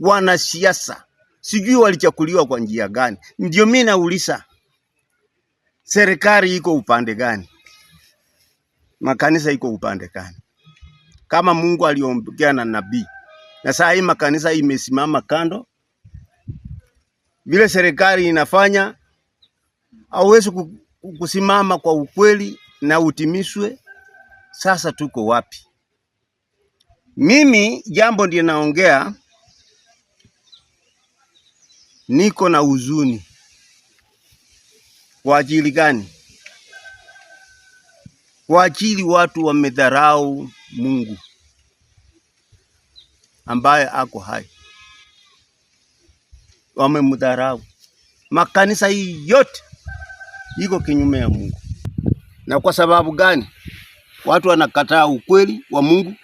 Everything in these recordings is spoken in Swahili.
wanasiasa, sijui walichakuliwa kwa njia gani. Ndio mimi nauliza, serikali iko upande gani? Makanisa iko upande gani? Kama Mungu aliongea na nabii na saa hii makanisa imesimama kando, vile serikali inafanya hauwezi kusimama kwa ukweli na utimishwe. Sasa tuko wapi? Mimi jambo ndiye naongea Niko na huzuni. Kwa ajili gani? Kwa ajili watu wamedharau Mungu ambaye ako hai, wamemdharau. Makanisa hii yote iko kinyume ya Mungu. Na kwa sababu gani? Watu wanakataa ukweli wa Mungu,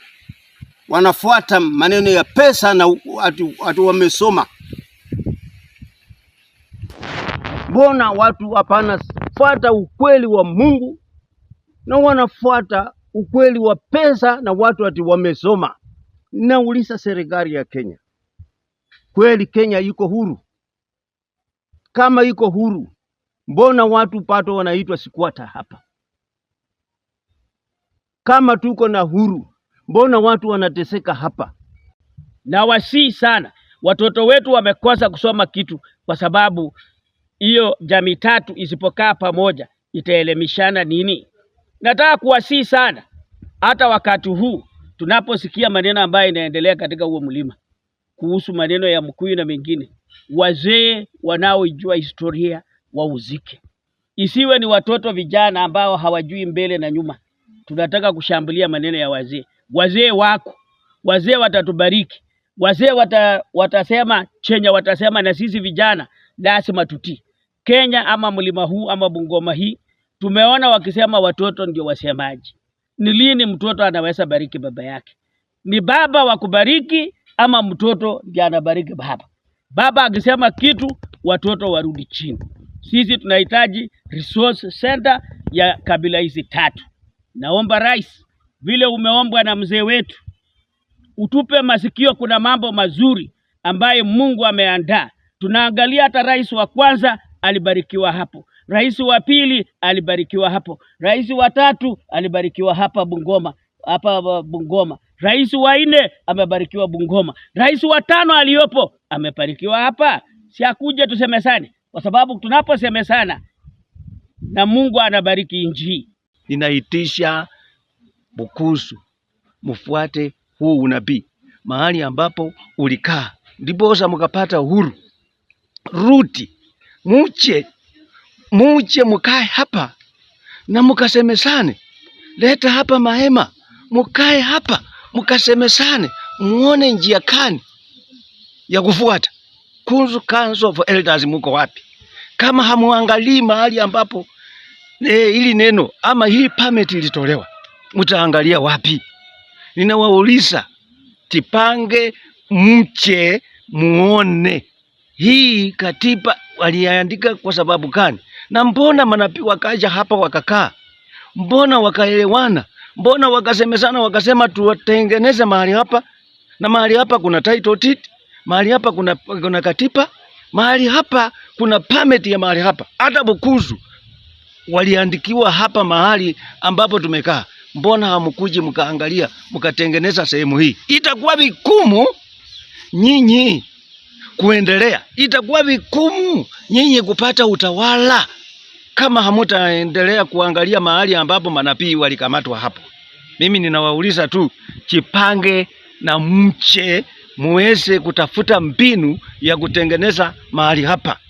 wanafuata maneno ya pesa na watu, watu wamesoma Mbona watu hapana fuata ukweli wa Mungu na wanafuata ukweli wa pesa na watu ati wamesoma? Nauliza serikali ya Kenya, kweli Kenya iko huru? Kama iko huru, mbona watu pato wanaitwa sikwata hapa? Kama tuko na huru, mbona watu wanateseka hapa? Na wasii sana, watoto wetu wamekosa kusoma kitu kwa sababu hiyo jamii tatu isipokaa pamoja itaelemishana nini? Nataka kuwasihi sana, hata wakati huu tunaposikia maneno ambayo inaendelea katika huo mlima kuhusu maneno ya Mkuyu na mengine, wazee wanaoijua historia wauzike, isiwe ni watoto vijana ambao hawajui mbele na nyuma. Tunataka kushambulia maneno ya wazee. Wazee wako, wazee watatubariki, wazee wata, watasema chenye watasema, na sisi vijana lazima tutii. Kenya ama mlima huu ama Bungoma hii tumeona wakisema watoto ndio wasemaji. Ni lini mtoto anaweza bariki baba yake? Ni baba wa kubariki ama mtoto ndiye anabariki baba? Baba akisema kitu, watoto warudi chini. Sisi tunahitaji resource center ya kabila hizi tatu. Naomba rais, vile umeombwa na mzee wetu, utupe masikio. Kuna mambo mazuri ambayo Mungu ameandaa. Tunaangalia hata rais wa kwanza alibarikiwa hapo, rais wa pili alibarikiwa hapo, rais wa tatu alibarikiwa hapa Bungoma, hapa uh, Bungoma, rais wa nne amebarikiwa Bungoma, rais wa tano aliyopo amebarikiwa hapa. Si akuja tusemesane, kwa sababu tunaposemesana na Mungu anabariki nchi. Ninaitisha bukusu mfuate huu unabii, mahali ambapo ulikaa ndiposa mkapata uhuru. Ruti muje muje mukae hapa na mukasemesane. Leta hapa mahema, mukae hapa mukasemesane, muone njia kani ya kufuata. Kunzu Council of Elders muko wapi? Kama hamuangalii mahali ambapo eh, ili neno ama hii permit ilitolewa, mtaangalia wapi? Ninawauliza, tipange mche muone hii katiba waliandika kwa sababu gani? Na mbona manabii wakaja hapa wakakaa? Mbona wakaelewana? Mbona wakasemezana wakasema tuwatengeneze mahali hapa na mahali hapa kuna title deed, mahali hapa kuna, kuna katiba, mahali hapa kuna permit ya mahali hapa. Hata Bukuzu waliandikiwa hapa mahali ambapo tumekaa. Mbona hamkuji mkaangalia mkatengeneza sehemu hii? Itakuwa vigumu nyinyi kuendelea, itakuwa vigumu nyinyi kupata utawala kama hamutaendelea kuangalia mahali ambapo manabii walikamatwa hapo. Mimi ninawauliza tu, chipange na mche muweze kutafuta mbinu ya kutengeneza mahali hapa.